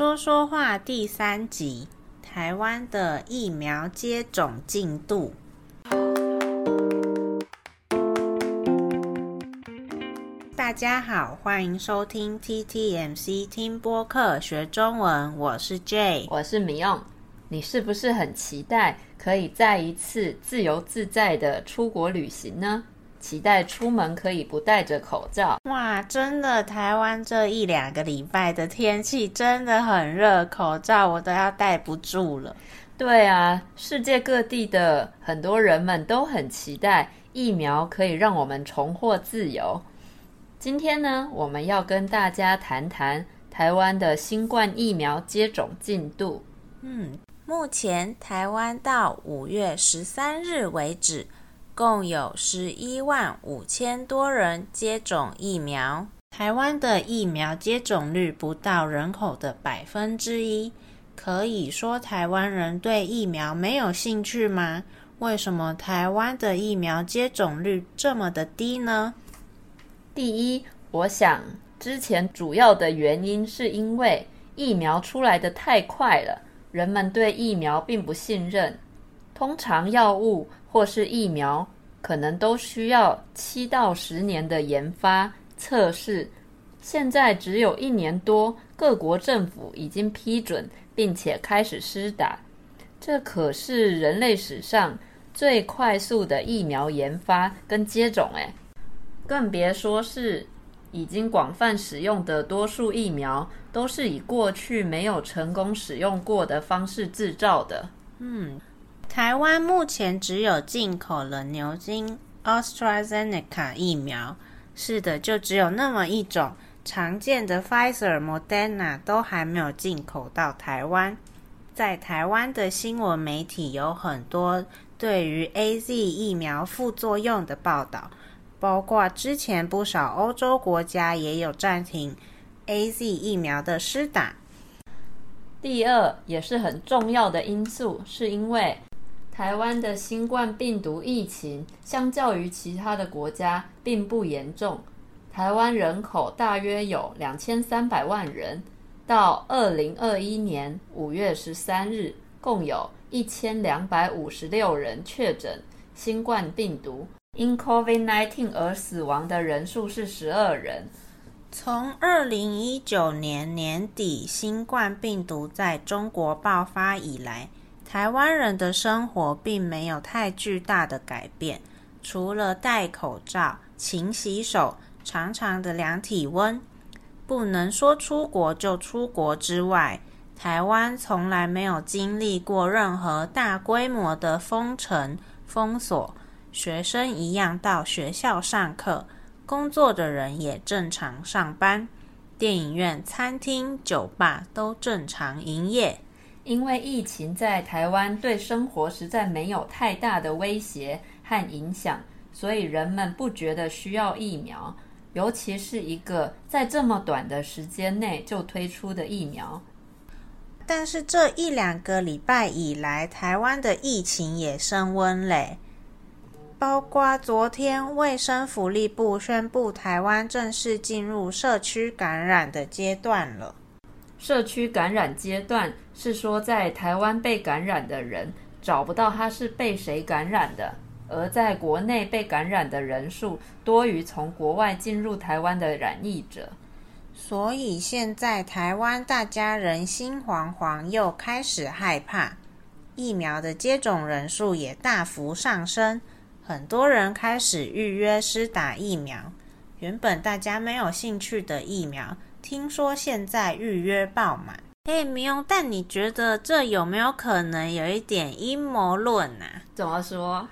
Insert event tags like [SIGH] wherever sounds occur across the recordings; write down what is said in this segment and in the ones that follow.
說說話第三集：台灣的疫苗接種進度。大家好，歡迎收聽 TTMC 聽播客學中文，我是 Jay，我是 Miyoung，你是不是很期待可以再一次自由自在的出國旅行呢？期待出門可以不戴着口罩。哇，真的，台灣這一兩個禮拜的天氣真的很熱，口罩我都要戴不住了。對啊，世界各地的很多人們都很期待疫苗可以讓我們重獲自由。今天呢，我們要跟大家談談台灣的新冠疫苗接種進度。嗯，目前台灣到五月十三日為止。共有十一萬五千多人接種疫苗。台灣的疫苗接種率不到人口的百分之一，可以說台灣人對疫苗沒有興趣嗎？為什麼台灣的疫苗接種率這麼的低呢？第一，我想之前主要的原因是因為疫苗出來的太快了，人們對疫苗並不信任。通常藥物或是疫苗。可能都需要七到十年的研發測試，現在只有一年多，各國政府已經批准並且開始施打，這可是人類史上最快速的疫苗研發跟接種誒、欸，更別說是已經廣泛使用的多數疫苗，都是以過去沒有成功使用過的方式制造的，嗯。台灣目前只有進口了牛津 （AstraZeneca） 疫苗，是的，就只有那麼一種。常見的 Pfizer、Moderna 都還沒有進口到台灣。在台灣的新聞媒體有很多對於 AZ 疫苗副作用的報道，包括之前不少歐洲國家也有暫停 AZ 疫苗的施打。第二，也是很重要的因素，是因為。台灣的新冠病毒疫情，相較於其他的國家並不嚴重。台灣人口大約有兩千三百萬人。到二零二一年五月十三日，共有一千兩百五十六人確診新冠病毒，因 COVID-19 而死亡的人數是十二人。從二零一九年年底新冠病毒在中國爆發以來，台灣人的生活並沒有太巨大的改變，除了戴口罩、勤洗手、常常的量體溫，不能說出國就出國之外，台灣從來沒有經歷過任何大規模的封城、封鎖。學生一樣到學校上課，工作的人也正常上班，電影院、餐廳、酒吧都正常營業。因為疫情在台灣對生活實在沒有太大的威脅和影響，所以人們不覺得需要疫苗，尤其是一個在這麼短的時間內就推出的疫苗。但是這一兩個禮拜以來，台灣的疫情也升溫嘞，包括昨天衛生福利部宣布，台灣正式進入社區感染的階段了。社區感染階段是說，在台灣被感染的人找不到他是被誰感染的，而在國內被感染的人數多於從國外進入台灣的染疫者，所以現在台灣大家人心惶惶，又開始害怕，疫苗的接種人數也大幅上升，很多人開始預約施打疫苗，原本大家沒有興趣的疫苗。聽說現在預約爆滿，誒，沒有。但你覺得這有沒有可能有一點陰謀論啊？怎麼說？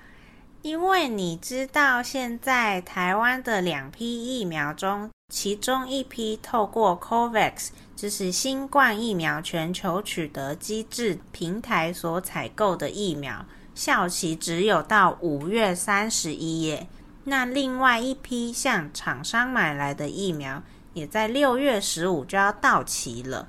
因為你知道，現在台灣的兩批疫苗中，其中一批透過 Covax，就是新冠疫苗全球取得機制平台所採購的疫苗，效期只有到五月三十一耶。那另外一批向廠商買來的疫苗，也在六月十五就要到期了，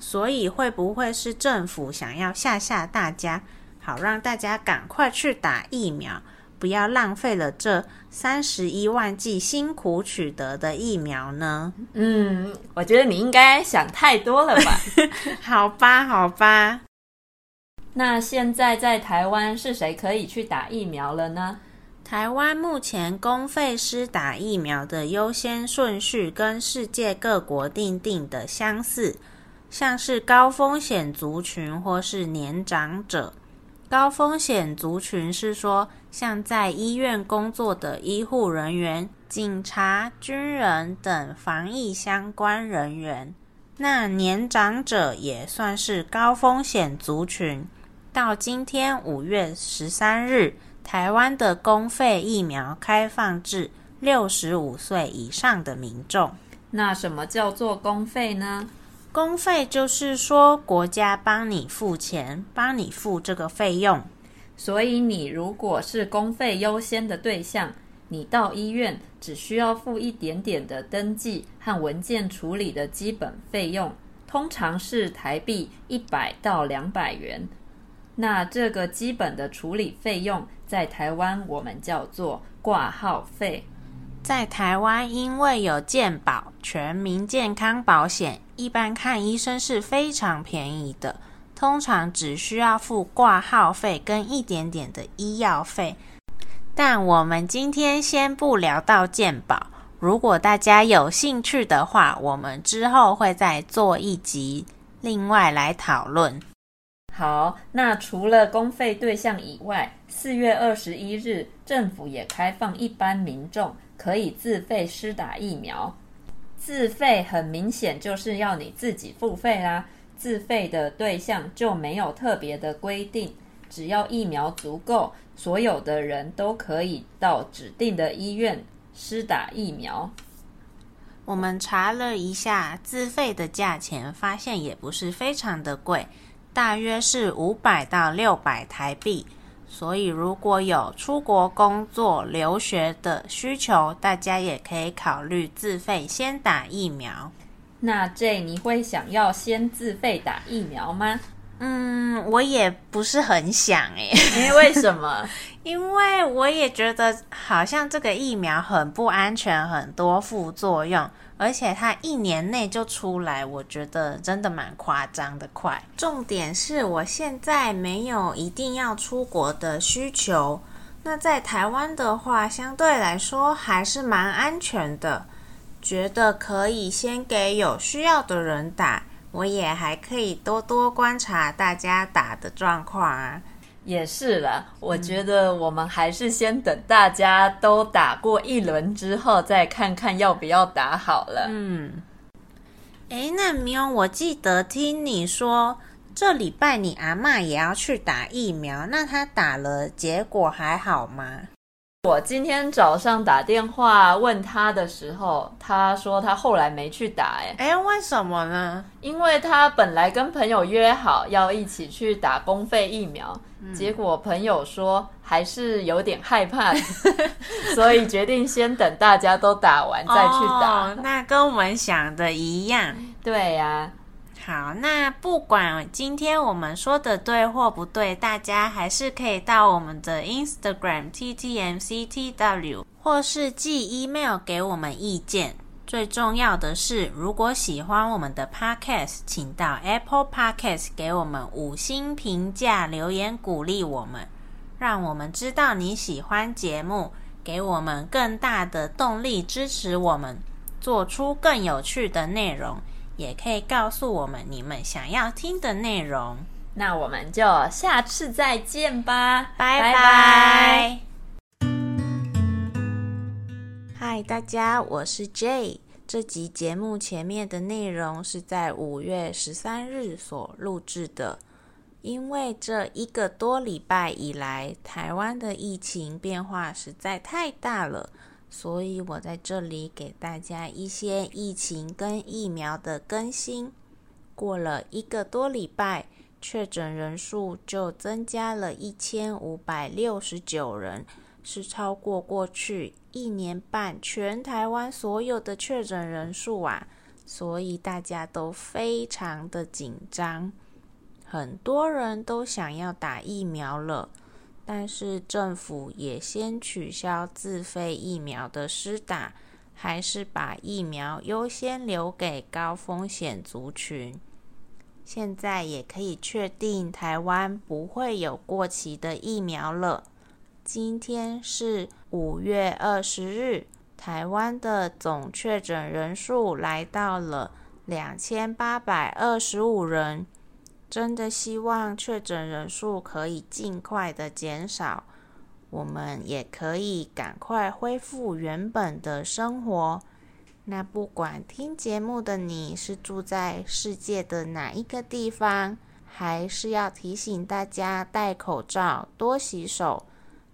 所以會不會是政府想要嚇嚇大家，好讓大家趕快去打疫苗，不要浪費了這三十一萬劑辛苦取得的疫苗呢？嗯，我覺得你應該想太多了吧？ [LAUGHS] [LAUGHS] 好吧，好吧。那現在在台灣是誰可以去打疫苗了呢？台灣目前公費施打疫苗的優先順序跟世界各國訂定的相似，像是高風險族群或是年長者。高風險族群是說，像在醫院工作的醫護人員、警察、軍人等防疫相關人員。那年長者也算是高風險族群。到今天五月十三日。台灣的公費疫苗開放至六十五歲以上的民眾。那什麼叫做公費呢？公費就是說國家幫你付錢，幫你付這個費用。所以你如果是公費優先的對象，你到醫院只需要付一點點的登記和文件處理的基本費用，通常是台幣一百到兩百元。那這個基本的處理費用，在台灣我們叫做掛號費。在台灣，因為有健保、全民健康保險，一般看醫生是非常便宜的，通常只需要付掛號費跟一點點的醫藥費。但我們今天先不聊到健保，如果大家有興趣的話，我們之後會再做一集，另外來討論。好，那除了公費對象以外，四月二十一日政府也開放一般民眾可以自費施打疫苗。自費很明顯就是要你自己付費啦，自費的對象就沒有特別的規定，只要疫苗足夠，所有的人都可以到指定的醫院施打疫苗。我們查了一下自費的價錢，發現也不是非常的貴。大約是五百到六百台幣，所以如果有出國工作、留學的需求，大家也可以考慮自費先打疫苗。那 Jay，你會想要先自費打疫苗嗎？嗯，我也不是很想誒。為什麼？ [LAUGHS] 因為我也覺得好像這個疫苗很不安全，很多副作用，而且它一年內就出來，我覺得真的蠻誇張的快。重點是我現在沒有一定要出國的需求，那在台灣的話，相對來說還是蠻安全的，覺得可以先給有需要的人打。我也還可以多多觀察大家打的狀況啊。也是了，我覺得我們還是先等大家都打過一輪之後，再看看要不要打好了。嗯。誒，那喵，我記得聽你說，這禮拜你阿嬤也要去打疫苗，那她打了，結果還好嗎？我今天早上打電話問他的時候，他說他後來沒去打。欸。哎哎、欸，為什麼呢？因為他本來跟朋友約好要一起去打公費疫苗，嗯、結果朋友說還是有點害怕， [LAUGHS] [LAUGHS] 所以決定先等大家都打完再去打。哦，那跟我們想的一樣。對呀、啊。好，那不管今天我們說的對或不對，大家還是可以到我們的 Instagram TTMCTW 或是寄 email 給我們意見。最重要的是，如果喜歡我們的 podcast，請到 Apple Podcast 給我們五星評價，留言鼓勵我們，讓我們知道你喜歡節目，給我們更大的動力，支持我們做出更有趣的內容。也可以告訴我們你們想要聽的內容，那我們就下次再見吧，拜拜 Bye bye。嗨，大家，我是 Jay 這集節目前面的內容是在五月十三日所錄制的，因為這一個多禮拜以來，台灣的疫情變化實在太大了。所以我在這裡給大家一些疫情跟疫苗的更新。過了一個多禮拜，確診人數就增加了一千五百六十九人，是超過過去一年半全台灣所有的確診人數啊，所以大家都非常的緊張，很多人都想要打疫苗了。但是政府也先取消自費疫苗的施打，還是把疫苗優先留給高風險族群。現在也可以確定，台灣不會有過期的疫苗了。今天是五月二十日，台灣的總確診人數來到了兩千八百二十五人。真的希望確診人數可以儘快的減少，我們也可以趕快恢復原本的生活。那不管聽節目的你是住在世界的哪一個地方，還是要提醒大家戴口罩、多洗手。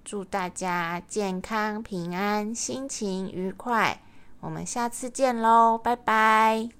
祝大家健康平安、心情愉快，我們下次見嘍，拜拜。